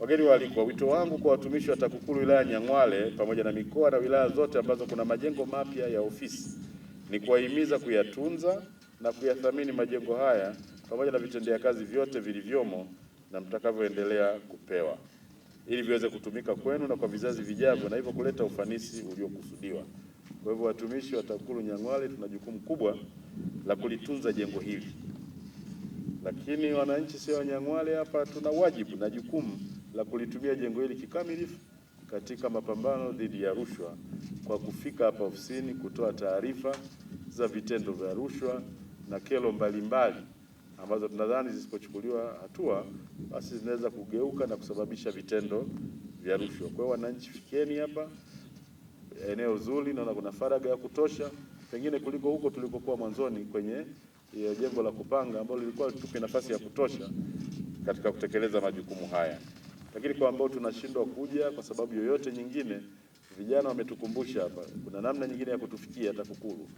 Wageni waalikwa, wito wangu kwa watumishi wa TAKUKURU wilaya Nyang'hwale pamoja na mikoa na wilaya zote ambazo kuna majengo mapya ya ofisi ni kuwahimiza kuyatunza na kuyathamini majengo haya pamoja na vitendea kazi vyote vilivyomo na mtakavyoendelea kupewa ili viweze kutumika kwenu na kwa vizazi vijavyo na hivyo kuleta ufanisi uliokusudiwa. Kwa hivyo, watumishi wa TAKUKURU Nyang'hwale tuna jukumu kubwa la kulitunza jengo hili, lakini wananchi sio Nyang'hwale hapa, tuna wajibu na jukumu la kulitumia jengo hili kikamilifu katika mapambano dhidi ya rushwa kwa kufika hapa ofisini kutoa taarifa za vitendo vya rushwa na kero mbalimbali ambazo tunadhani zisipochukuliwa hatua basi zinaweza kugeuka na kusababisha vitendo vya rushwa. Kwa hiyo, wananchi, fikieni hapa, eneo zuri, naona kuna faraga ya kutosha, pengine kuliko huko tulikokuwa mwanzoni kwenye e, jengo la kupanga ambalo lilikuwa tupe nafasi ya kutosha katika kutekeleza majukumu haya. Lakini kwa ambao tunashindwa kuja kwa sababu yoyote nyingine, vijana wametukumbusha hapa, kuna namna nyingine ya kutufikia TAKUKURU.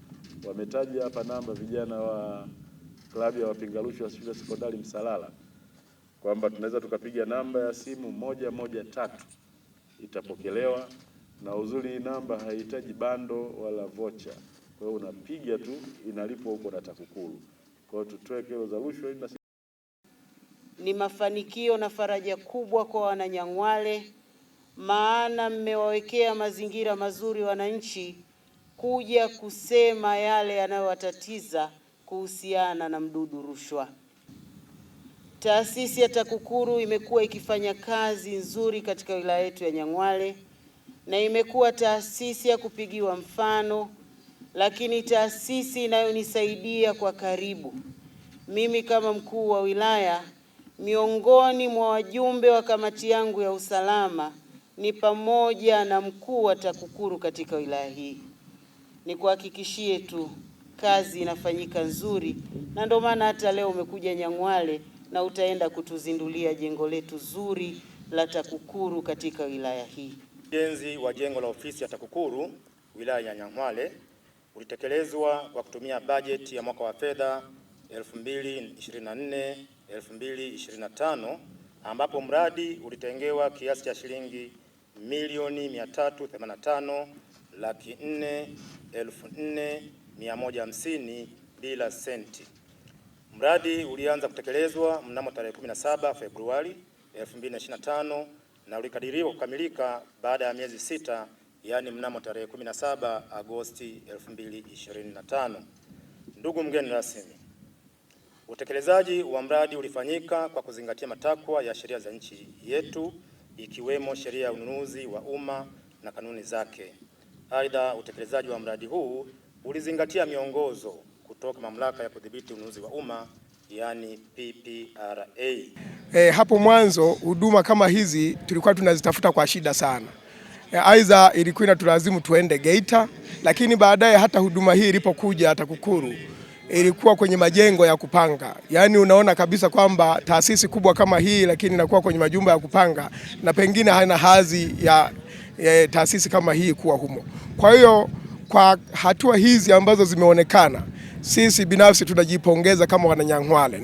Wametaja hapa namba vijana wa klabu ya wapinga rushwa wa shule sekondari Msalala kwamba tunaweza tukapiga namba ya simu moja moja tatu itapokelewa, na uzuri hii namba haihitaji bando wala vocha. Kwa hiyo unapiga tu, inalipwa huko na TAKUKURU. Kwa hiyo tutoe kero za rushwa ni mafanikio na faraja kubwa kwa wananyangwale maana mmewawekea mazingira mazuri wananchi kuja kusema yale yanayowatatiza kuhusiana na mdudu rushwa. Taasisi ya TAKUKURU imekuwa ikifanya kazi nzuri katika wilaya yetu ya nyangwale na imekuwa taasisi ya kupigiwa mfano, lakini taasisi inayonisaidia kwa karibu mimi kama mkuu wa wilaya Miongoni mwa wajumbe wa kamati yangu ya usalama ni pamoja na mkuu wa TAKUKURU katika wilaya hii. ni kuhakikishie tu kazi inafanyika nzuri, na ndio maana hata leo umekuja nyangwale na utaenda kutuzindulia jengo letu zuri la TAKUKURU katika wilaya hii. Ujenzi wa jengo la ofisi ya TAKUKURU wilaya ya nyangwale ulitekelezwa kwa kutumia bajeti ya mwaka wa fedha 2024 2025 ambapo mradi ulitengewa kiasi cha shilingi milioni 385 laki 4 elfu bila senti. Mradi ulianza kutekelezwa mnamo tarehe 17 Februari 2025 na ulikadiriwa kukamilika baada ya miezi sita, yaani mnamo tarehe 17 Agosti 2025. Ndugu mgeni rasmi Utekelezaji wa mradi ulifanyika kwa kuzingatia matakwa ya sheria za nchi yetu ikiwemo sheria ya ununuzi wa umma na kanuni zake. Aidha, utekelezaji wa mradi huu ulizingatia miongozo kutoka mamlaka ya kudhibiti ununuzi wa umma yani PPRA. E, eh, hapo mwanzo huduma kama hizi tulikuwa tunazitafuta kwa shida sana. Eh, aidha, ilikuwa inatulazimu tuende Geita, lakini baadaye hata huduma hii ilipokuja TAKUKURU ilikuwa kwenye majengo ya kupanga. Yaani unaona kabisa kwamba taasisi kubwa kama hii lakini inakuwa kwenye majumba ya kupanga na pengine hana hadhi ya, ya taasisi kama hii kuwa humo. Kwa hiyo kwa hatua hizi ambazo zimeonekana, sisi binafsi tunajipongeza kama Wananyang'hwale.